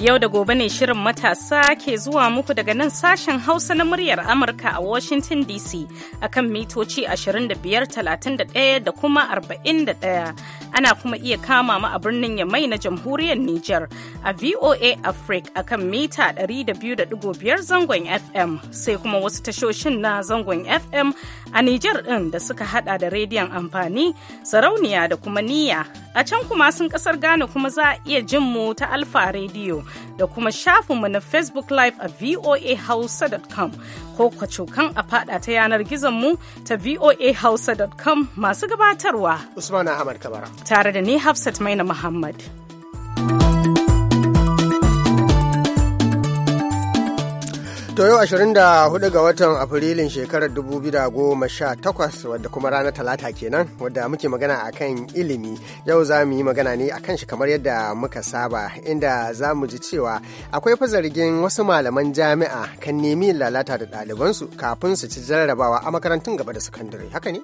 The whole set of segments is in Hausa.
Yau da gobe ne shirin matasa ke zuwa muku daga nan sashen Hausa na muryar Amurka a Washington DC akan mitoci 25, 31 da kuma 41. ana kuma iya kama mu a birnin Yamai na jamhuriyar Nijar a VOA Africa akan mita 200.5 zangon FM sai kuma wasu tashoshin na zangon FM a Nijar ɗin da suka hada da rediyon amfani sarauniya da kuma niyya a can kuma sun kasar gane kuma za a iya jin mu ta Alfa rediyo da kuma shafin mu na Facebook Live a voahausa.com ko kwacokan a fada ta yanar gizon mu ta voahausa.com masu gabatarwa Usman Ahmad Kabara tare da ni Hafsat Maina Muhammad. To yau 24 ga watan Afrilun shekarar 2018 wadda kuma ranar talata kenan wadda muke magana a kan ilimi yau za mu yi magana ne a kan shi kamar yadda muka saba inda za mu ji cewa akwai fazargin wasu malaman jami'a kan nemi lalata da ɗalibansu kafin su ci jarrabawa a makarantun gaba da sakandare haka ne?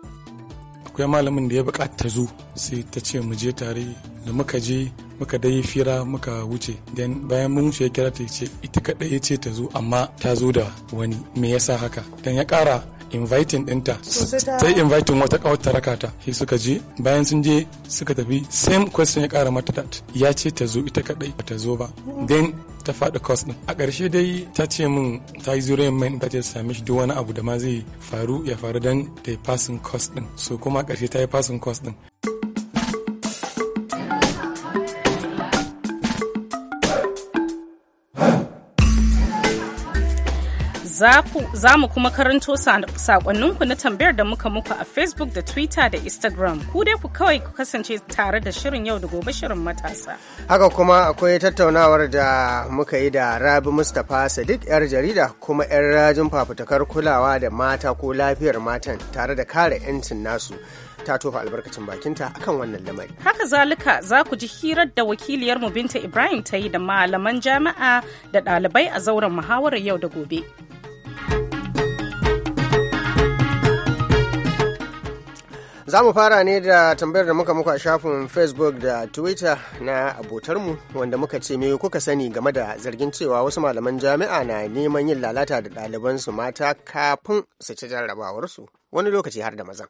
akwai malamin da ya bukata ta zo sai ta ce mu je tare da muka je muka dai fira muka wuce dan bayan mun wuce ya kira ta ce ita kadai ya ce ta zo amma ta zo da wani me yasa haka dan ya kara inviting dinta sai inviting wata kawar ta raka ta sai suka je bayan sun je suka tafi same question ya kara mata ya ce ta zo ita kadai ba ta zo ba then ta faɗi kwas ɗin a ƙarshe dai ta ce min ta yi zuriyar mai ta ce same shi duk wani abu da ma zai faru ya faru don ta yi fasin kwas ɗin so kuma a ƙarshe ta yi fasin kwas ɗin. za mu kuma karanto sakonninku na tambayar da muka muku a facebook da twitter da instagram ku dai ku kawai ku kasance tare da shirin yau da gobe shirin matasa haka kuma akwai tattaunawar da muka yi da rabi mustapha sadiq yar jarida kuma yar rajin fafutukar kulawa da mata ko lafiyar matan tare da kare 'yancin nasu ta tofa albarkacin bakinta akan wannan lamari. Haka zalika za ku ji hirar da wakiliyarmu Binta Ibrahim ta yi da malaman jami'a da ɗalibai a zauren muhawarar yau da gobe. za mu fara ne da tambayar da muka muku a shafin facebook da twitter na abotarmu wanda muka ce me kuka sani game da zargin cewa wasu malaman jami'a na neman yin lalata da ɗalibansu mata kafin su ci jarrabawarsu wani lokaci har da maza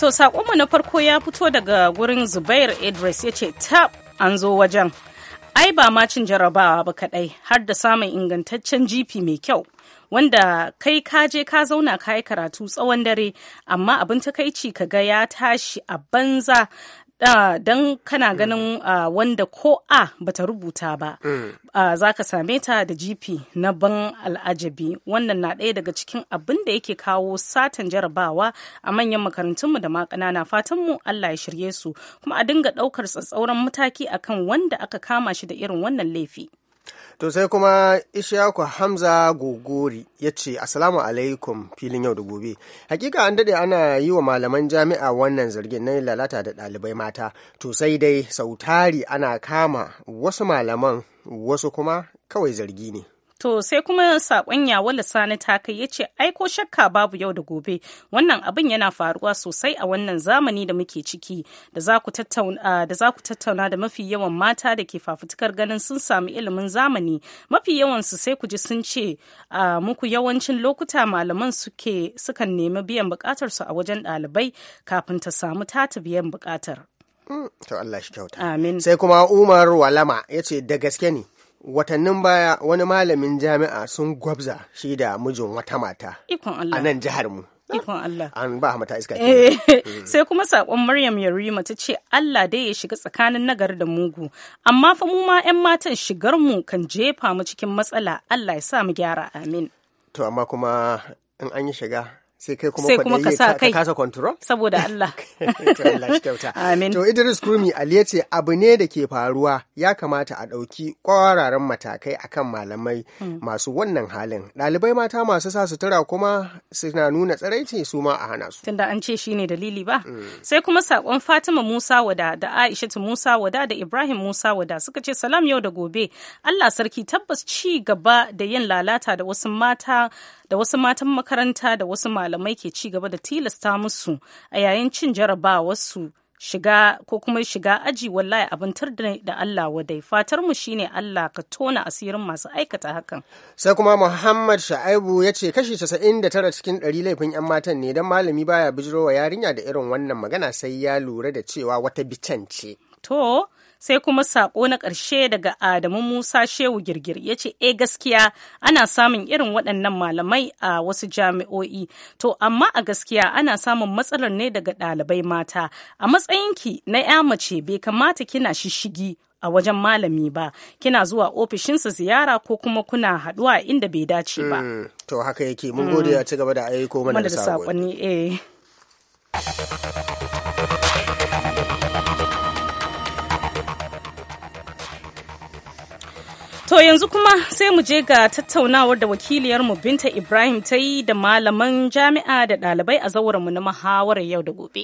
To saƙonmu na farko ya fito daga gurin Zubair Idris ya ce tab an zo wajen. Ai ba ma cin jarabawa ba kaɗai har da samun ingantaccen jifi mai kyau. wanda kai ka je ka zauna ka yi karatu tsawon dare amma abin takaici ka ga ya tashi a banza don kana mm. ganin wanda ko a bata rubuta ba mm. za ka same ta da gp na ban al'ajabi wannan na ɗaya daga cikin abin da yake kawo satan jarabawa a manyan makarantunmu da ma na fatanmu allah ya shirye su kuma a dinga ɗaukar tsatsauran mataki akan wanda aka kama shi da irin wannan laifi. To sai kuma Ishaku Hamza Gogori ya ce, Assalamu alaikum filin yau da gobe. Hakika an daɗe ana yi wa malaman jami'a wannan zargin na lalata da ɗalibai mata. To sai dai sautari ana kama wasu malaman wasu kuma kawai zargi ne. To sai kuma sakon wala Sani ta kai ya ce aiko shakka babu yau da gobe wannan abin yana faruwa sosai a wannan zamani da muke ciki da za ku tattauna da mafi yawan mata da ke fafutukar ganin sun sami ilimin zamani mafi yawan su sai ku ji sun ce muku yawancin lokuta malaman suke sukan nemi biyan bukatar su a wajen ɗalibai kafin ta samu tata biyan bukatar. Mm, sai kuma Umar Walama ya ce da gaske ne. watannin baya wani malamin jami'a sun gwabza shi da mijin wata mata a nan jihar mu ikon Allah. An ba mata iska eh, Sai kuma sakon Maryam Yarima ta ce Allah dai ya shiga tsakanin nagari da mugu. Amma fa mu ma 'yan matan shigar mu kan jefa mu cikin matsala Allah ya sa mu gyara amin. To amma kuma in an yi shiga sai kai kuma kuma ka kai kasa control saboda Allah amin to Idris Kurmi Ali ya ce abu ne da ke faruwa ya kamata a ɗauki ƙwararan matakai akan malamai hmm. masu wannan halin ɗalibai mata masu sa sutura kuma na nuna tsaraici su ma a hana su tunda an ce shine dalili ba hmm. sai kuma sakon Fatima Musa wada da Aishatu Musa wada da Ibrahim Musa wada suka ce salam yau da gobe Allah sarki tabbas ci gaba da yin lalata da wasu mata da wasu matan makaranta da wasu malamai ke ci gaba da tilasta musu a yayin cin jarabawarsu shiga ko kuma shiga aji wallahi abin tarda da Allah wadai fatar mu shine Allah ka tona asirin masu aikata hakan sai kuma Muhammad sha'ibu ya ce kashi 99 cikin 100 laifin yan matan ne dan malami baya bijirowa yarinya da irin wannan magana sai ya lura da cewa wata bicance ce To, sai kuma sako na ƙarshe daga Adamu Musa Shehu Girgir ya ce, "E gaskiya ana samun irin waɗannan malamai a wasu jami'o'i, to amma a gaskiya ana samun matsalar ne daga ɗalibai mata. A matsayinki na 'ya mace bai kamata kina shishigi a wajen malami ba kina zuwa ofishinsa ziyara ko kuma kuna haɗuwa inda bai dace ba. Mm, to haka yake mun mm. gode ya ci gaba da aiko mana da saƙonni. Eh. To yanzu kuma sai mu je ga tattaunawar da wakiliyar mu Binta Ibrahim ta yi da malaman jami'a da ɗalibai a zauren mu na muhawarar yau da gobe.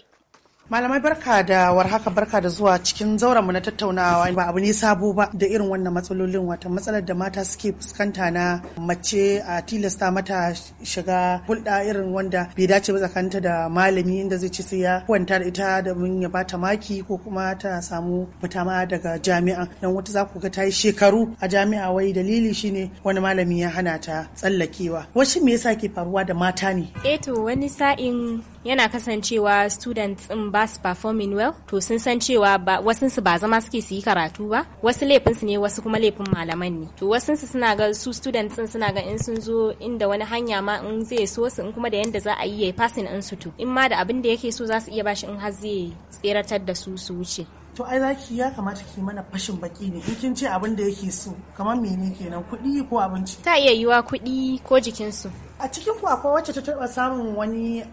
Malamai barka da warhaka barka da zuwa cikin zauranmu na tattaunawa ba abu ne sabo ba da irin wannan matsalolin wata matsalar da mata suke fuskanta na mace a tilasta mata shiga hulɗa irin wanda bai dace ba tsakanta da malami inda zai ci sai ya kwanta da ita da mun ya bata maki ko kuma ta samu fita ma daga jami'a dan wata za ku ga ta yi shekaru a jami'a wai dalili shine wani malami ya hana ta tsallakewa. Wasu me yasa ke faruwa da mata ne? Eh to wani sa'in yana kasancewa students in ba su performing well to sun san cewa wasu su ba zama suke su yi karatu ba wasu laifin su ne wasu kuma laifin malaman ne to wasu su suna ga su students din suna ga in sun zo inda wani hanya ma in zai so su in kuma da yanda za a yi yayi passing in su to in ma da abin da yake so za su iya bashi in har zai tseratar da su su wuce to ai zaki ya kamata ki mana fashin baki ne in kin ce abin da yake so kamar mene kenan kuɗi ko abinci ta iya yiwa kuɗi ko jikinsu a cikin ku akwai wacce ta taba samun wani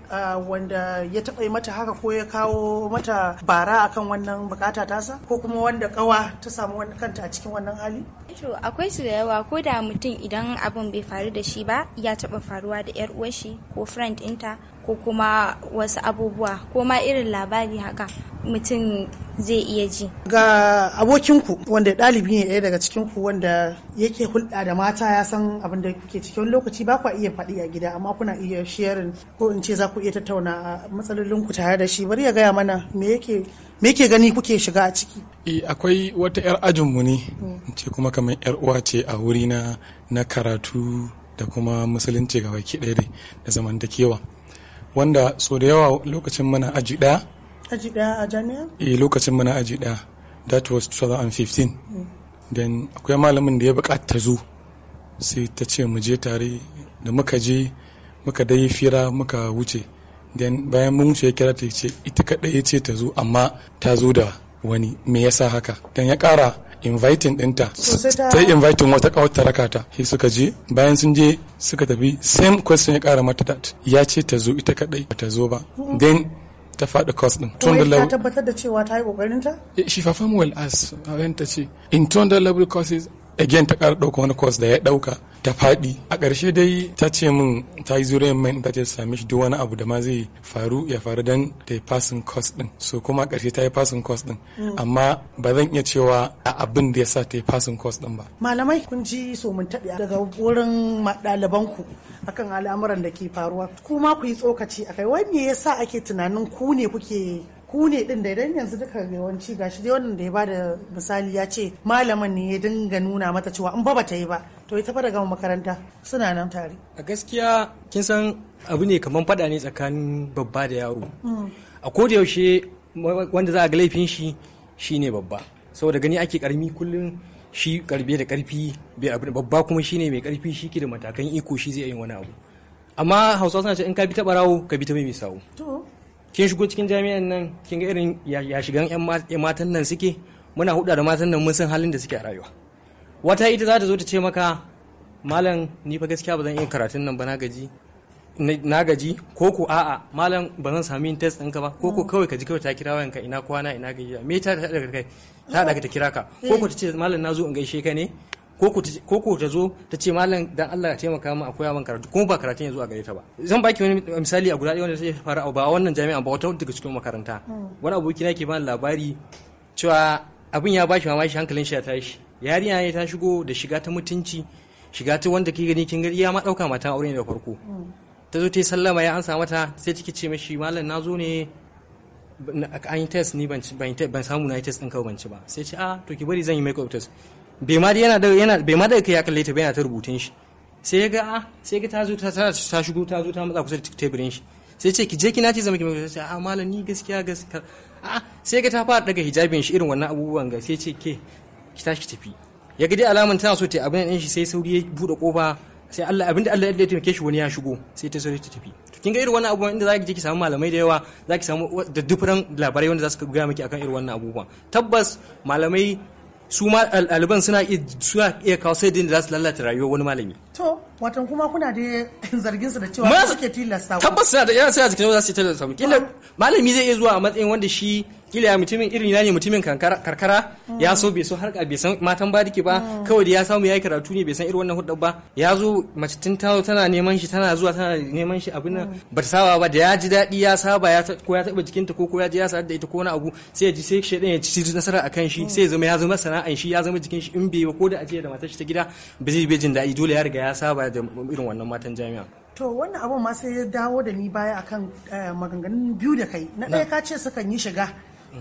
wanda ya taba yi mata haka ko ya kawo mata bara akan wannan bukata tasa ko kuma wanda kawa ta samu wani kanta a cikin wannan hali to akwai su da yawa ko da mutum idan abin bai faru da shi ba ya taba faruwa da yar uwar shi ko friend ɗinta ko kuma wasu abubuwa ko ma irin labari haka mutum zai iya ji. Ga abokinku wanda ɗalibi ne ɗaya daga cikinku wanda yake hulɗa da mata ya san abin da kuke ciki wani lokaci ba kwa iya faɗi a gida amma kuna iya sharing ko in ce za ku iya tattauna a matsalolinku tare da shi bari ya gaya mana me yake me yake gani kuke shiga a ciki. E, akwai wata 'yar ajinmu ne hmm. in ce kuma kamar 'yar uwa ce a wuri na na karatu da kuma musulunci ga baki ɗaya da zamantakewa wanda so da yawa lokacin muna aji ɗaya aji daya a jami'a eh lokacin mana aji daya that was 2015 then akwai malamin da ya bukata zo sai ta ce mu je tare da muka je muka dai fira muka wuce then bayan mun wuce ya kira ta ce ita kadai ya ce ta zo amma ta zo da wani me yasa haka dan ya kara inviting dinta ta inviting wata kawar ta raka ta sai suka je bayan sun je suka tafi same question ya kara mata ya ce ta zo ita kadai ba ta zo ba mm. then ta faɗi cost din. Wai ta tabbatar da cewa ta yi ƙoƙarinta? Eh, she performed well as ta ce. In 200 level courses again ta kara ɗauka wani course da ya ɗauka ta faɗi a ƙarshe dai ta ce min ta yi zuriyar mai ta ce sami shi duk wani abu da ma zai faru ya faru don ta yi passing course ɗin so kuma a ƙarshe ta yi passing course ɗin mm. amma ba zan iya cewa a abin da ya sa ta yi passing course ɗin ba. malamai kun ji so mun taɓi daga wurin ɗalibanku akan al'amuran da ke faruwa kuma ku yi tsokaci akai wai me yasa ake tunanin ku ne kuke Kune ne din da idan yanzu duka yawanci gashi dai wannan da ya bada misali ya ce malaman ne ya dinga nuna mata cewa in ba ta yi ba to ita fa gama makaranta suna nan tare a gaskiya kin san abu ne kamar fada ne tsakanin babba da yaro mm. a koda yaushe wanda za a ga laifin shi shine babba saboda gani ake karmi kullum shi karbe da karfi bai abu babba kuma shine mai karfi shi ke da matakan iko shi zai yi wani abu amma hausa suna ce in ka bi ta barawo ka bi ta mai sawo kin shigo cikin jami'an nan kin ga irin ya shigan yan matan nan suke muna huda da matan nan mun san halin da suke a rayuwa wata ita za ta zo ta ce maka malam ni fa gaskiya ba zan iya karatun nan ba na gaji na gaji ko ko a'a malam ba zan sami yin test ɗinka ba ko ko kawai ka ji kawai ta kira wayanka ina kwana ina gaji me ta da kai ta da ta kira ka ko ko ta ce malam na zo in gaishe ka ne ko ku ta zo ta ce malam dan Allah ya taimaka min akwai koya karatu kuma ba karatun yanzu a gare ta ba zan baki wani misali a guda ɗaya wanda ta faru ba a wannan jami'a ba wata daga cikin makaranta hmm. wani aboki na ke bani labari cewa abin ya bashi mamaki hankalin shi ya tashi yarinya ne ta shigo da shiga ta mutunci shiga ta wanda ke gani kin gari ya ma dauka mata aure ne da farko hmm. ta zo ta yi sallama ya ansa mata sai take ce mishi malam na zo ne an yi test ni ban samu na yi test ɗin kawai ban ci ba sai ce a ah, to ki bari zan yi makeup test bai ma yana da yana bai ma da kai ya ta bai yana ta rubutun shi sai ya ga a ah, sai ga ta zo ta ta shigo ta zo ta matsa kusa da teburin shi sai ce ki je ki nace zama ki mai sai a ah, malam ni gaskiya gaskiya a ah, sai ga ta fara daga hijabin shi irin wannan abubuwan ga sai ce ke ki tashi tafi ya ga dai alaman tana so ta abin din shi sai sauri ya bude kofa sai Allah abinda Allah ya taimake shi wani ya shigo sai ta sauri ta tafi to kin ga irin wannan abubuwan inda zaki je ki samu malamai da yawa zaki samu da dufuran labarai wanda za su gaya miki akan irin wannan abubuwan tabbas malamai su ma ɗaliban suna iya kawo sai da za su lalata rayuwar wani malami to watan kuma kuna da zargin su da cewa ma suke tilasta tabbas suna da yana sai a jikin za su tilasta mu malami zai iya zuwa a matsayin wanda shi kila ya mutumin irin na ne mutumin karkara ya so bai so harka bai san matan ba ba mm. kawai da ya samu yayi karatu ne bai san irin wannan hudda ba ya zo mace tun tawo tana neman shi tana zuwa tana neman shi abin nan mm. ba ta saba ba da ya ji daɗi ya saba ya ko ya taba jikinta ko ko ya ji ya sadar da ita ko wani abu sai ya ji sai shedan ya ci nasara akan shi mm. sai ya zama ya zama sana'an shi ya zama jikin shi in bai ko da ajiya da matar shi ta gida ba zai bai jin daɗi dole ya riga ya saba da irin wannan matan jami'a To wannan abun ma sai ya dawo da ni baya akan eh, maganganun biyu da kai. Na ɗaya ka ce sukan yi shiga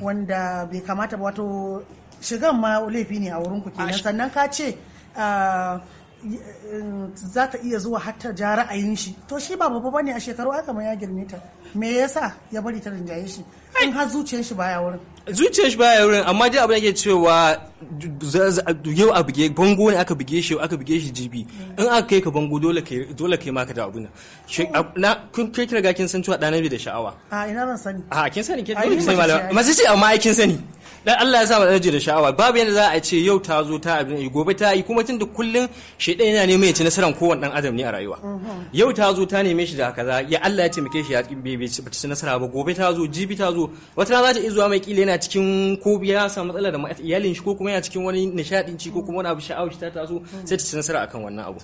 wanda bai kamata ba wato shigan ma laifi ne a wurin ku kenan sannan ka ce ah, eh, za ta iya zuwa har ta ja ra'ayin shi to shi ba babba ne a shekaru aka ma ya girme me yasa ya bari ta rinjaye shi in har zuciyar shi baya wurin zuciyar shi baya wurin amma dai abin da ke cewa yau a buge bango ne aka buge shi aka buge shi jibi in aka kai ka bango dole kai dole maka da abu na kun kai kira kin san cewa dana bai da sha'awa a ina ban sani a kin sani kin dole sani malama masu ce amma kin sani dan Allah ya sa mu da sha'awa babu yadda za a ce yau ta zo ta abin yi gobe ta yi kuma tun da kullun shedan yana neman ya ci nasaran kowanne dan adam ne a rayuwa mhm. yau ta zo ta neme shi da kaza ya Allah ya taimake shi ya kin bebe bai nasara ba gobe ta zo jibi ta zo wata rana za ta zuwa mai kila yana cikin ko ya samu matsala da iyalin shi ko kuma yana cikin wani nishadin ci ko kuma wani abu sha'awar shi ta taso sai ta ci nasara akan wannan abu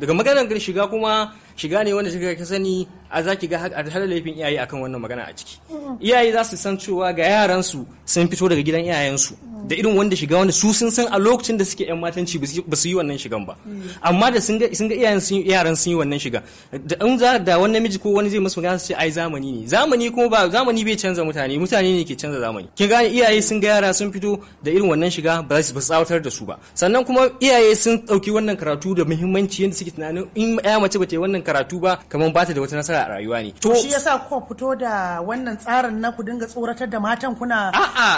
daga maganar shiga kuma shiga ne wanda shiga ka sani a za ki ga har laifin iyaye akan wannan magana a ciki iyaye za su san cewa ga yaran su sun fito daga gidan su da irin wanda shiga wanda su sun san a lokacin da suke yan matanci ba su yi wannan shigan ba amma da sun ga iyayen sun yaran sun yi wannan shiga da an za da wani namiji ko wani zai masu magana su ce ai zamani ne zamani kuma ba zamani bai canza mutane mutane ne ke canza zamani kin gane iyaye sun ga yara sun fito da irin wannan shiga ba su tsawatar da su ba sannan kuma iyaye sun dauki wannan karatu da muhimmanci yadda suke tunanin in ya mace ba ta yi wannan karatu ba kamar ba ta da wata nasara a rayuwa ne to shi yasa kuka fito da wannan tsarin na ku dinga tsoratar da matan kuna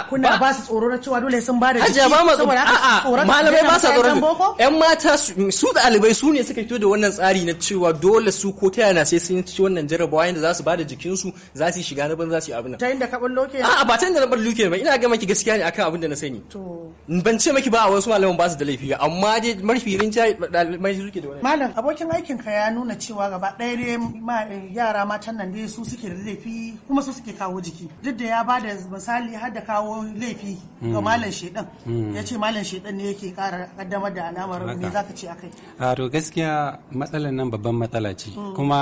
kuna ba su tsoro na cewa dole dole sun ba da jiki saboda haka tsoron malamai ba sa tsoron boko yan mata su ɗalibai su ne suka fito da wannan tsari na cewa dole su ko ta yana sai sun ci wannan jarabawa yanda za su ba da jikinsu za su shiga na ban za su yi abin ta inda ka ballo ke a'a ba ta inda na ballo ke ba ina ga maki gaskiya ne akan abin da na sani to ban ce maki ba a wasu malaman ba su da laifi amma dai marfi rin ja su suke da wannan malam abokin aikin ka ya nuna cewa gaba ɗaya dai yara matan nan dai su suke da laifi kuma su suke kawo jiki duk da ya ba da misali har da kawo laifi ga hmm. malam malam shedan hmm. ya ce malam shedan ne yake kara kaddamar da alamar me zaka ce akai a to gaskiya matsalar nan babban matsala ce hmm. kuma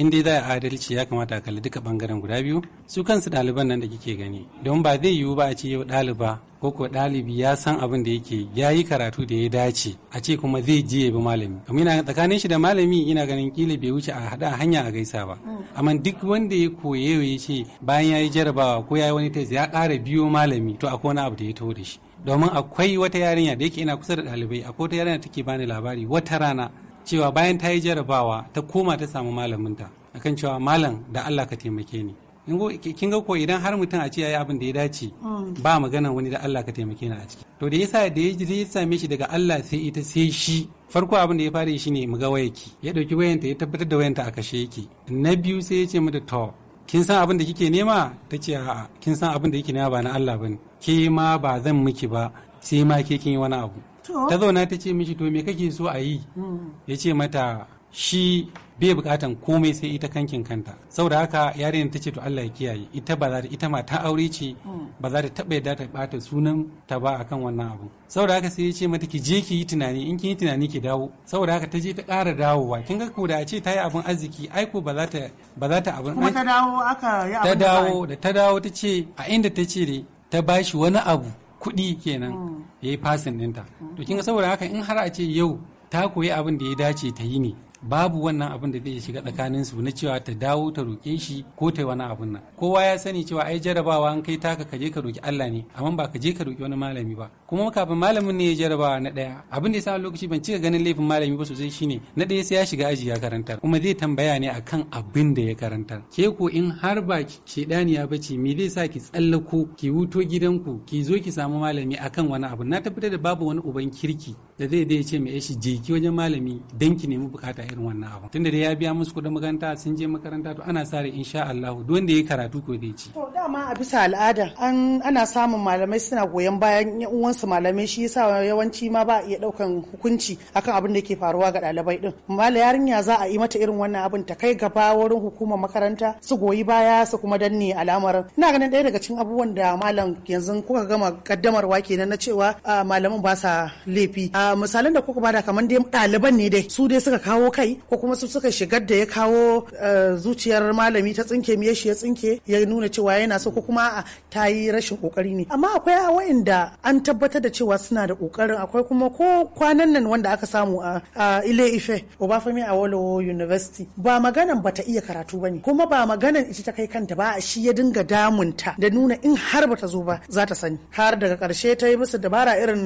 in dai za a adalci ya kamata a kalli duka bangaren guda biyu su kansu ɗaliban nan da kike gani don ba zai yiwu ba a ce yau ɗaliba ko ko ɗalibi ya san abin da yake ya yi karatu da ya dace a ce kuma zai je ya bi malami kuma ina tsakanin shi da malami ina ganin kila bai wuce a hada hanya a gaisa ba mm. amma duk wanda ya koye ya ce bayan ya yi jarabawa ko ya yi wani tes ya ƙara biyo malami to akwai wani abu da ya taho da shi domin akwai wata yarinya da yake ina kusa da ɗalibai akwai wata yarinya take bani labari wata rana cewa bayan ta yi jarabawa ta koma ta samu malaminta akan cewa malam da Allah ka taimake ni kin ga ko idan har mutum a ce yayi abin da ya dace mm. ba magana wani da Allah ka taimake ni a ciki to da yasa da ya same shi daga Allah sai ita sai shi farko abin da ya fara shi ne mu ga wayarki ya dauki wayanta ya tabbatar da wayanta a kashe yake na biyu sai ya ce mata to kin san abin da kike nema ta ce a'a kin san abin da kike nema ba na Allah bane ke ma ba zan miki ba sai ma ke kin yi wani abu ta zauna ta ce mishi to me kake so a yi mm. ya ce mata shi bai bukatan komai sai ita kankin kanta saboda haka yarinyar ta ce to Allah ya kiyaye ita ba za ta ita ma ta aure ce mm. ba za ta taba yadda ta bata sunan ta ba akan wannan abu saboda haka sai ya ce mata ki je ki yi tunani in kin yi tunani ki dawo saboda haka ta je ta ƙara dawowa kin ga ko da a ce ta yi abin arziki ai ko ba za ta ba za ta abin kuma ta dawo aka yi abin ta dawo da ta dawo ta ce a inda ta ce ne ta bashi wani abu kuɗi kenan mm. ya yi fasin ɗinta to mm. kin ga saboda haka in har a ce yau ta koyi abin da ya dace ta yi ne babu wannan abin da zai shiga tsakanin su na cewa ta dawo ta roƙe shi ko ta yi wani abin nan kowa ya sani cewa ai jarabawa an kai taka ka je ka roƙi Allah ne amma ba ka je ka roƙi wani malami ba kuma kafin malamin ne ya jarabawa na ɗaya abin da ya samu lokaci ban cika ganin laifin malami ba sosai shine na ɗaya sai ya shiga aji ya karantar kuma zai tambaya ne akan abin da ya karanta ke ko in har ba shedaniya ba ce me zai sa ki tsallako ki wuto gidanku ki zo ki samu malami akan wani abu na tabbatar da babu wani uban kirki da zai zai ce mai shi je ki wajen malami dan ki nemi bukata irin wannan abu tunda da ya biya musu kuɗin makaranta sun je makaranta to ana sa in insha Allah duk wanda ya karatu ko zai ci to dama a bisa al'ada an ana samun malamai suna goyon bayan yan uwansu malamai shi yasa yawanci ma ba iya daukan hukunci akan abin da yake faruwa ga ɗalibai din mala yarinya za a yi mata irin wannan abin ta kai gaba wurin hukumar makaranta su goyi baya su kuma danne al'amarin ina ganin ɗaya daga cikin abubuwan da malam yanzu kuka gama kaddamarwa kenan na cewa malaman ba sa laifi misalan da kuka bada kamar dai ɗaliban ne dai su dai suka kawo kai ko kuma su suka shigar da ya kawo eh, zuciyar malami ta tsinke miye shi ya tsinke ya nuna cewa yana so ko kuma ta yi rashin kokari ne amma akwai wa'inda an tabbatar da cewa suna da kokarin akwai kuma ko kwanan nan wanda aka samu a ile ife obafemi awolo university ba maganan bata iya karatu bane kuma ba maganan ita ta kai kanta ba shi ya dinga damunta da nuna in har bata zo ba za ta sani har daga karshe ta yi musu dabara irin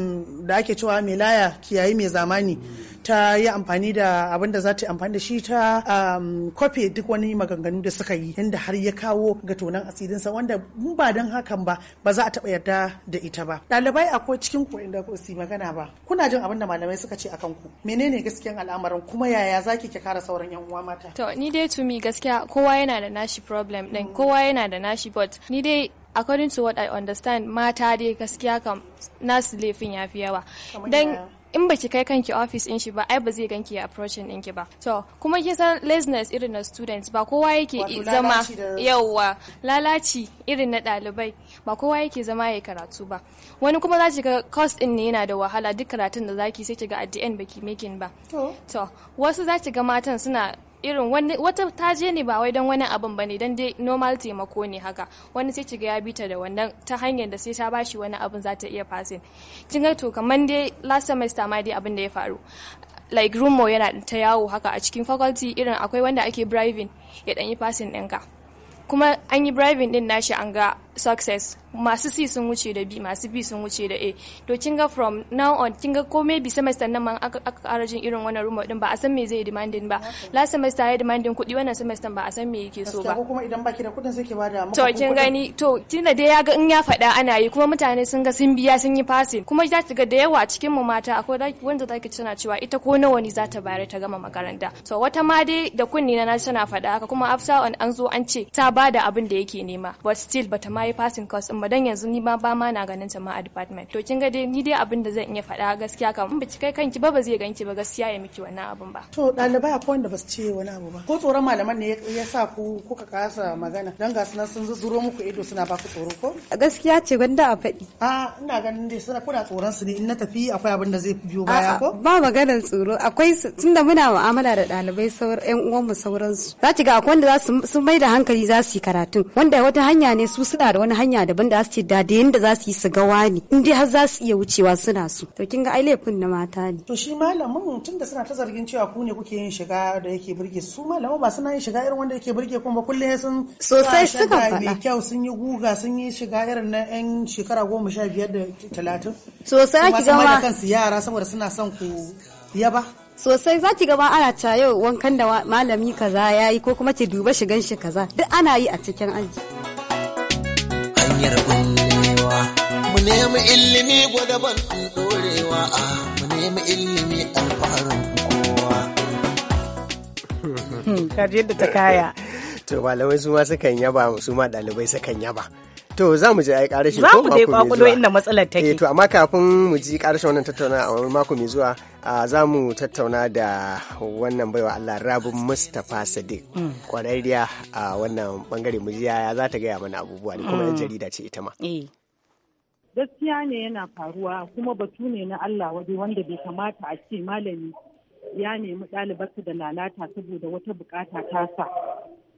da ake cewa mai laya kiyayi mai zamani ta yi amfani da abin da za ta yi amfani da shi ta um, kwafe duk wani maganganu da suka yi inda har ya kawo ga tonan asirinsa wanda mu ba don hakan ba ba za a taɓa yarda da ita ba ɗalibai akwai cikin ku inda ku si magana ba kuna jin abin da malamai suka ce akan ku menene gaskiyan al'amarin kuma yaya zaki ki kara sauran yan uwa mata to ni dai to me gaskiya kowa yana da nashi problem din mm. kowa yana da nashi but ni dai according to what i understand mata dai gaskiya kam nasu laifin yafi yawa dan in ba ki kai kanki office din shi ba ai ba zai ganki ya approaching din ki ba to kuma ki san laziness irin na students ba kowa yake zama yawa lalaci irin na dalibai ba kowa yake zama ya karatu ba wani kuma za ki ga course din ne yana da wahala duk karatun da zaki sai ki ga at the end baki making ba to wasu za ki ga matan suna irin wata ta je ne ba wai don wani abin ba ne don dai normal taimako ne haka wani sai kiga ya bi ta da wannan ta hanyar da sai ta bashi wani abin za ta iya fasin kin ga to dai last semester ma dai abin da ya faru like rumor yana ta yawo haka a cikin faculty irin akwai wanda ake bribing ya dan yi fasin ɗinka kuma an yi bribing din nashi an ga success masu c sun wuce da b masu b sun wuce da a to kin ga from now on kin ga komai bi semester nan ma aka ƙara jin irin wannan rumor din ba a san me zai demanding ba last semester ya demanding kuɗi wannan semester ba a san me yake so ba kuma idan baki da kuɗin sai ke bada to kin gani to tina dai ya ga in ya faɗa ana yi kuma mutane sun ga sun biya sun yi passing kuma za ki ga da yawa cikin mu mata akwai wanda zaki tana cewa ita ko nawa ne za ta bare ta gama makaranta to wata ma dai da kunni na na tana faɗa haka kuma after an zo an ce ta bada abin da yake nema but still bata ma ma yi passing course din ba dan yanzu ni ma ba ma na ganin ta ma a department to kin ga dai ni dai abin da zan iya faɗa gaskiya kam in biki kai kanki ba ba zai ganki ba gaskiya ya miki wannan abin ba to ɗalibai akwai wanda ba su ce wani abu ba ko tsoron malaman ne ya sa ku kuka kasa magana dan ga sunan sun zuzzuro muku ido suna ba ku tsoro ko gaskiya ce gwanda a faɗi a ina ganin dai suna kuna tsoron su ne in na tafi akwai abin da zai biyo baya ko ba maganar tsoro akwai tunda muna mu'amala da ɗalibai sauran yan mu sauransu za ki ga akwai wanda za su mai da hankali za su yi karatun wanda wata hanya ne su suna da wani hanya daban da su ce da da yanda za su yi su ga wani in dai har za su iya wucewa suna so to kin ga ai laifin na mata ne to shi malamin tun da suna ta zargin cewa ku ne kuke yin shiga da yake burge su malamai ba suna yin shiga irin wanda yake burge kuma kullum sun sosai suka faɗa mai kyau sun yi guga sun yi shiga irin na yan shekara goma sha biyar da talatin sosai ake gama kansu yara saboda suna son ku yaba sosai za ki gaba ana ta yau wankan da malami kaza ya yi ko kuma ki duba shigan shi kaza duk ana yi a cikin aji. hanyar kullewa mu nemi ilimi gwadaban ɗorewa a mu nemi ilimi alfaharin kowa hmm, kaji yadda ta kaya to malamai su ma sukan yaba su ma ɗalibai sukan yaba To za mu je a yi ƙarashe ko mako mai zuwa. Za ku inda matsalar take. Eh, to amma kafin mu ji ƙarashe wannan tattauna a mako mai zuwa za mu tattauna da wannan baiwa Allah rabin Mustapha Sadiq kwararriya mm. a wannan bangare mu ji yaya za ta gaya mana abubuwa ne kuma mm. jarida ce ita ma. Eh. Gaskiya ne yana faruwa kuma batu ne na Allah waje wanda bai kamata a ce malami ya nemi ɗalibarsa da lalata saboda wata bukata ta sa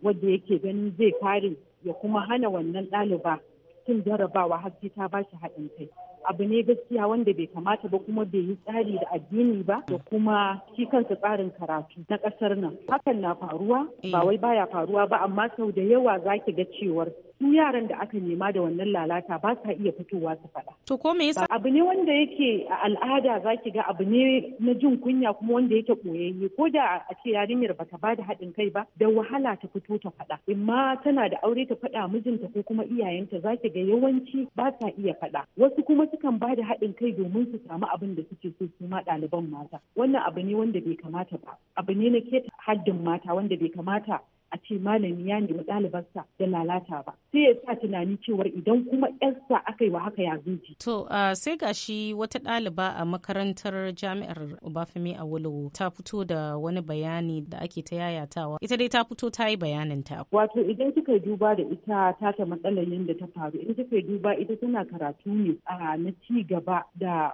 wadda yake ganin zai kare ya kuma hana wannan ɗaliba cin jarabawa har ta ba shi haɗin kai abu ne gaskiya wanda bai kamata ba kuma bai yi tsari da addini ba da kuma shi kansa tsarin karatu na ƙasar nan hakan na faruwa ba mm. wai baya faruwa ba amma sau da yawa zaki ga cewar su yaran da aka nema da wannan lalata ba sa iya fitowa su faɗa. To ko me yasa? Abu ne wanda yake a al'ada za ki ga abu ne na jin kunya kuma wanda yake koyayye ko da a ce yarinyar bata ba da haɗin kai ba da wahala ta fito ta faɗa. Imma tana da aure ta faɗa mijinta ko kuma iyayenta za ki ga yawanci ba sa iya faɗa. Wasu kuma sukan ba da haɗin kai domin su samu abin da suke so su ma ɗaliban mata. Wannan abu ne wanda bai kamata ba. Abu ne na keta haddin mata wanda bai kamata a ce malami ya nemi ɗalibarsa da lalata ba sai ya sa tunani cewar idan kuma yarsa aka yi wa haka ya zuci. to sai gashi wata ɗaliba a makarantar jami'ar obafemi a ta fito da wani bayani da ake ta yayatawa ita dai ta fito ta yi bayanin ta. wato idan kika duba da ita ta ta matsalar yadda ta faru idan kika duba ita tana karatu ne a na ci gaba da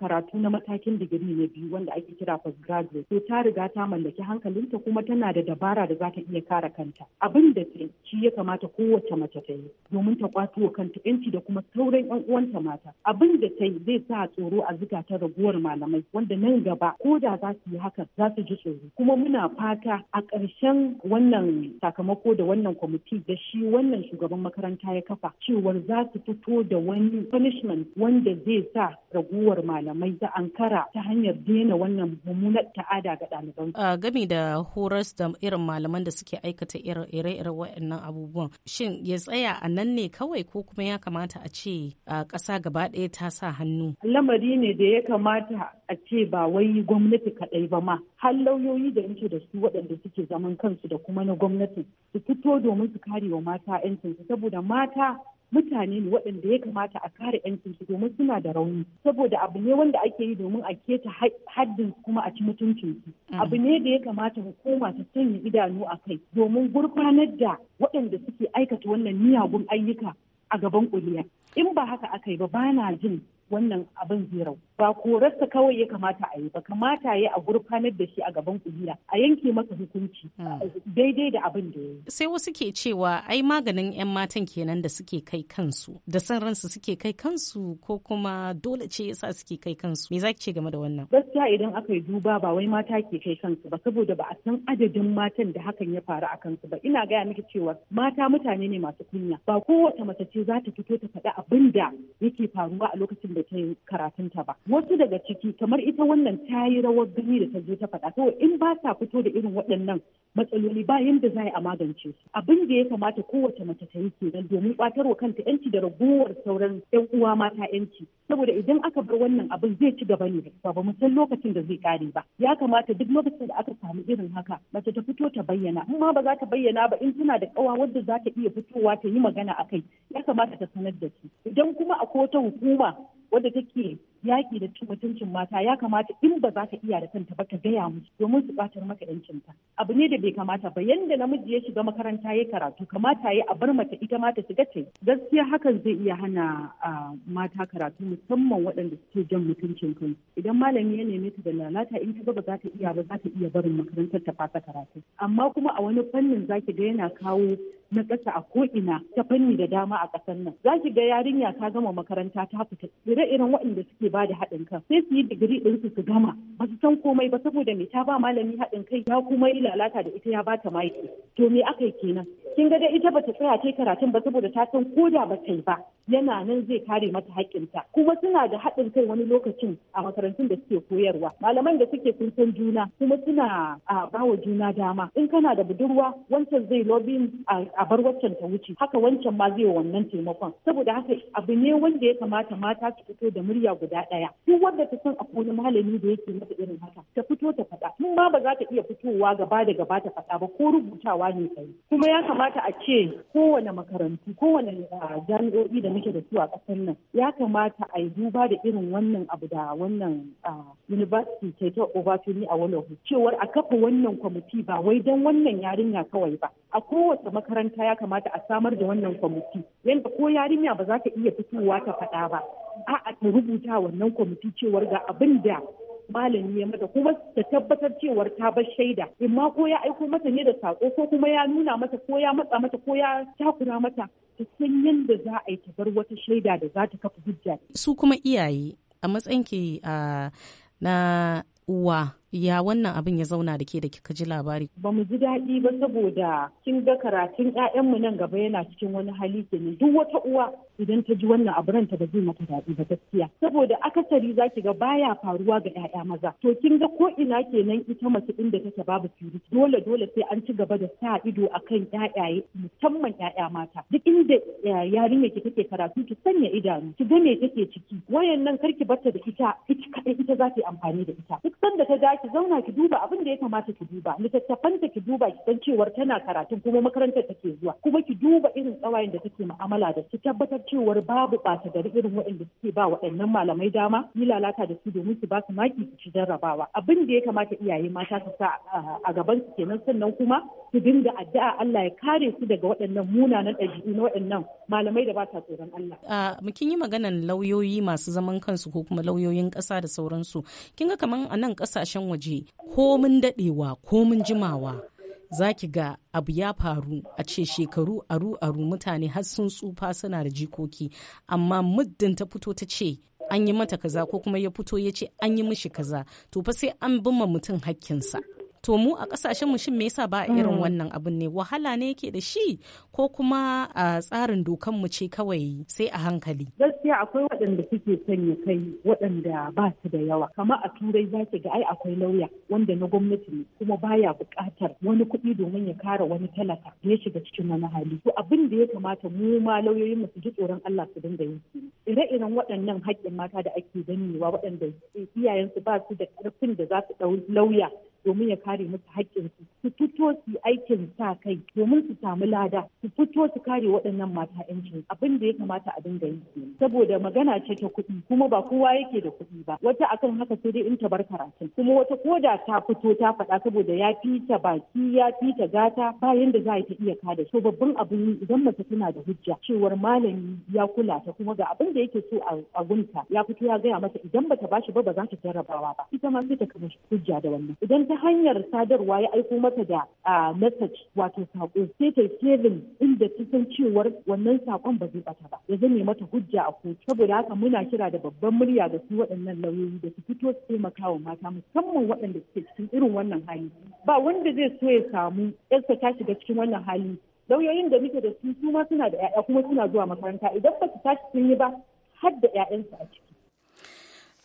karatu na matakin digiri na biyu wanda ake kira postgraduate to ta riga ta mallaki hankalinta kuma tana da dabara da za ta iya kare kanta abin da shi ya kamata kowace mace ta yi domin ta kwato wa kanta yanci da kuma sauran yan uwanta mata abin da ta yi zai sa tsoro a ta raguwar malamai wanda nan gaba ko da za su yi haka za su ji tsoro kuma muna fata a ƙarshen wannan sakamako da wannan kwamiti da shi wannan shugaban makaranta ya kafa cewar za su fito da wani punishment wanda zai sa raguwar malamai da ankara ta hanyar daina wannan mummunar ta'ada ga ɗaliban. gami da horas da irin malaman da suke ake aikata ire ire waɗannan abubuwan shin ya tsaya a nan ne kawai ko kuma ya kamata a ce a ƙasa gaba ɗaya ta sa hannu lamari ne da ya kamata a ce ba wai gwamnati kaɗai ba ma har lauyoyi da yake da su waɗanda suke zaman kansu da kuma na gwamnati su fito domin su kare wa mata 'yancinsu saboda mata mutane ne waɗanda ya kamata a kare 'yancin su domin suna da rauni saboda abu ne wanda ake yi domin a keta haddin kuma a ci mutuncin su mm. abu ne da ya kamata hukuma ta sanya idanu a kai domin gurfanar da waɗanda suke aikata wannan miyagun ayyuka a gaban kuliya in ba haka aka yi ba bana jin wannan abin zai ba korarsa kawai ya kamata a yi ba kamata ya a gurfanar da shi a gaban kuliya a yanke masa hukunci hmm. daidai da abin da ya yi sai wasu ke cewa ai maganin yan matan kenan da suke kai kansu da san ransu suke kai kansu ko kuma dole ce yasa suke kai kansu me zaki ce game da wannan gaskiya idan aka yi duba ba wai mata ke kai kansu ba saboda ba a san adadin matan da hakan ya faru a kansu ba ina gaya miki cewa mata mutane ne masu kunya ba kowace mace ce za ta fito ta faɗi abin da yake faruwa a lokacin da ta yi karatunta ba wasu daga ciki kamar ita wannan ta yi rawar gani da ta zo ta faɗa kawai in ba sa fito da irin waɗannan matsaloli ba yadda za a magance su abin da ya kamata kowace mace ta yi kenan domin ɓatarwa kanta yanci da ragowar sauran yan uwa mata yanci saboda idan aka bar wannan abin zai ci gaba ne ba ba mu san lokacin da zai ƙare ba ya kamata duk lokacin da aka samu irin haka mace ta fito ta bayyana in ma ba za ta bayyana ba in tana da ƙawa wadda za ta iya fitowa ta yi magana a kai ya kamata ta sanar da su idan kuma akwai wata hukuma what did it keep? yaƙi da cin mutuncin mata ya kamata in ba za ta iya da kanta ba ta gaya musu domin su ɓatar maka ƴancinta. abu ne da bai kamata ba yanda namiji ya shiga makaranta ya karatu kamata ya a bar mata ita ma ta shiga ta gaskiya hakan zai iya hana mata karatu musamman waɗanda suke jan mutuncin kansu idan malami ya neme ta da lalata in ta ba za ta iya ba za ta iya barin makarantar ta fasa karatu amma kuma a wani fannin zaki ga yana kawo na ƙasa a ko'ina ta fanni da dama a ƙasar nan zaki ga yarinya ta gama makaranta ta fita ire-iren waɗanda suke suke ba da haɗin kai sai su yi digiri ɗin su su gama ba su san komai ba saboda me ta ba malami haɗin kai ya kuma yi lalata da ita ya ba ta maiki to me aka yi kenan kin ga dai ita ba ta tsaya ta karatun ba saboda ta san ko da ba ta yi ba yana nan zai kare mata ta kuma suna da haɗin kai wani lokacin a makarantun da suke koyarwa malaman da suke sun san juna kuma suna a bawa juna dama in kana da budurwa wancan zai lobin a bar waccan ta wuce haka wancan ma zai wannan taimakon saboda haka abu ne wanda ya kamata mata su fito da murya guda guda ɗaya duk wanda ta san akwai wani malami da yake mata irin haka ta fito ta faɗa tun ma ba za ta iya fitowa gaba da gaba ta faɗa ba ko rubutawa ne kai kuma ya kamata a ce kowane makarantu kowane jami'o'i da muke da su a ƙasar nan ya kamata a yi duba da irin wannan abu da wannan university ke ta Obafemi a Wolofu cewar a kafa wannan kwamiti ba wai don wannan yarinya kawai ba a kowace makaranta ya kamata a samar da wannan kwamiti yadda ko yarinya ba za ta iya fitowa ta faɗa ba a'a ta rubuta wannan kwamiti cewar ga abin da malami ya mata kuma ta tabbatar cewar ta bar shaida in ma ko ya aiko mata ne da sako ko kuma ya nuna mata ko ya matsa mata ko ya takura mata ta san yadda za a yi ta bar wata shaida da za ta kafa hujja su kuma iyaye a matsayin ke na uwa ya wannan abin ya zauna da ke da kika ji labari ba mu ji daɗi ba saboda kin ga karatun mu nan gaba yana cikin wani hali kenan duk wata uwa idan ta ji wannan abu ta ba zai mata daɗi ba gaskiya saboda akasari ki ga baya faruwa ga ƴaƴa maza to kin ga ko ina kenan ita mace din da take babu firi dole dole sai an ci gaba da sa ido a kan ƴaƴaye musamman ƴaƴa mata duk inda eh, yarinya ki take karatu ki sanya idanu ki ga me take ciki wayannan karki bata da ita ita ita za ta yi amfani da ita duk sanda ta ki zauna ki duba abin da ya kamata ki duba littattafan ta ki duba ki san cewar tana karatun kuma makarantar take zuwa kuma ki duba irin tsawayen da take mu'amala da su tabbatar cewar babu ɓata gari irin waɗanda suke ba waɗannan malamai dama ni lalata da su domin su ba su maki su ci jarrabawa abin da ya kamata iyaye mata su sa a gaban su kenan sannan kuma su dinga addu'a Allah ya kare su daga waɗannan munanan ɗabi'u na waɗannan malamai da ba ta tsoron Allah. A mukin yi maganan lauyoyi masu zaman kansu ko kuma lauyoyin ƙasa da sauransu. Kin ga kaman a nan ƙasashen waje ko mun daɗewa ko mun jimawa. za ki ga abu ya faru a ce shekaru aru aru mutane har sun tsufa suna da jikoki amma muddin ta fito ta ce an yi mata kaza ko kuma ya fito ya ce an yi mishi kaza to fa sai an bin mutum hakkinsa. to mu a kasashen mu shin me yasa ba irin mm. wannan abun ne wahala ne yake da shi ko kuma a tsarin dokan mu ce kawai sai a hankali gaskiya akwai waɗanda suke sanya kai waɗanda ba su da yawa kama a turai za ga ai akwai lauya wanda na gwamnati ne kuma baya buƙatar wani kuɗi domin ya kare wani talaka ya shiga cikin wani hali to abin da ya kamata mu ma lauyoyin mu su ji tsoron Allah su dinga yi ire-iren waɗannan haƙƙin mata da ake ganewa waɗanda iyayensu ba su da ƙarfin da za su ɗau lauya domin ya kare musu haƙƙinsu su Su fito su aikin sa kai domin su samu lada su fito su kare waɗannan mata yancin abin da ya kamata a dinga yi saboda magana ce ta kuɗi kuma ba kowa yake da kuɗi ba wata akan haka sai dai in ta bar karatun. kuma wata koda ta fito ta faɗa saboda ya fi ta baki ya fi ta gata bayan da za ta iya kada so babban abin yi idan mace tana da hujja cewar malami ya kula ta kuma ga abin da yake so a gunta ya fito ya gaya mata idan bata bashi ba ba za ta jarrabawa ba ita ma sai ta kama hujja da wannan idan ta ta hanyar sadarwa ya aiko mata da a message wato sako sai ta kevin inda ta san cewar wannan saƙon ba zai bata ba ya zame mata hujja a kotu saboda haka muna kira da babban murya ga su waɗannan lauyoyi da su fito su taimaka wa mata musamman waɗanda suke cikin irin wannan hali ba wanda zai so ya samu yarsa ta shiga cikin wannan hali lauyoyin da muke da su su ma suna da 'ya'ya kuma suna zuwa makaranta idan ba su tashi sun yi ba har da 'ya'yansu a ciki.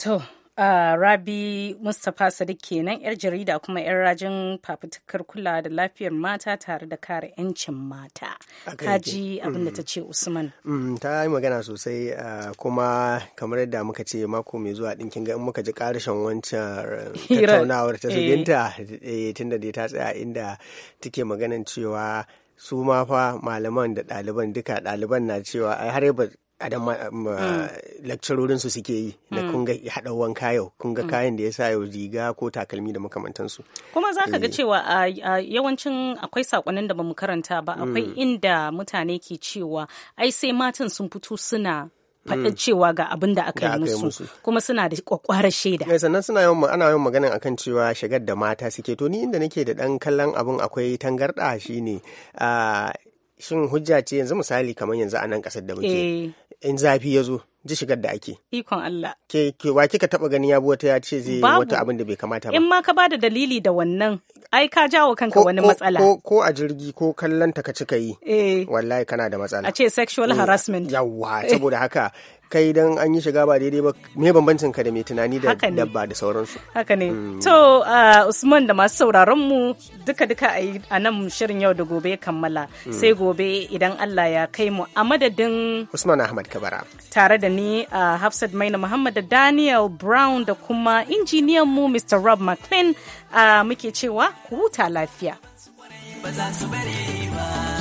To, Rabi Mustapha Sadiq kenan 'yar jarida kuma yar rajin fafutukar kula da lafiyar mata tare da kare 'yancin mata. Kaji abin da ta ce Usman. Mm, mm, ta yi magana sosai kuma kamar yadda muka ce mako mai zuwa ɗinkin ga muka ji ƙarshen wancan tattaunawar ta zubinta eh. eh, tunda da ta tsaya inda take maganan cewa su ma fa malaman da ɗaliban duka ɗaliban na cewa har adam um, mm. lakcarorin su suke yi na mm. kun ga hada wanka yau kun ga mm. kayan da ya sa yau riga ko takalmi da makamantansu kuma za ka ga eh. cewa yawancin akwai sakonnin da bamu karanta ba akwai inda mutane ke cewa ai sai matan sun fito suna faɗin cewa ga abin da aka yi musu kuma suna da kwakwarar shaida. Mai eh, sannan suna yawan ana yawan maganin akan cewa shigar da mata suke to ni inda nake da ɗan kallon abin akwai tangarɗa shine shin hujja ce yanzu misali kamar yanzu a nan kasar da muke eh. in zafi ya zo ji shigar da ake ikon Allah ke ke wa kika taba gani ya wata ya ce zai wata abin da bai kamata ba in ma ka bada dalili da wannan ai ka jawo kanka wani matsala ko, ko a jirgi ko kallon ta ka cika yi eh. wallahi kana da matsala a ce sexual eh. harassment yawwa saboda haka kai dan an yi shiga ba daidai ba me bambancin ka da mai tunani da dabba da sauransu haka ne hmm. to uh, usman da masu sauraron mu duka duka a nan shirin yau da gobe kammala hmm. sai gobe idan Allah ya kai mu a madadin usman ahmad kabara tare da ni a uh, hafsat maina muhammad da daniel brown da kuma injiniyan mu mr rob mclean uh, muke cewa ku huta lafiya ba za su bari ba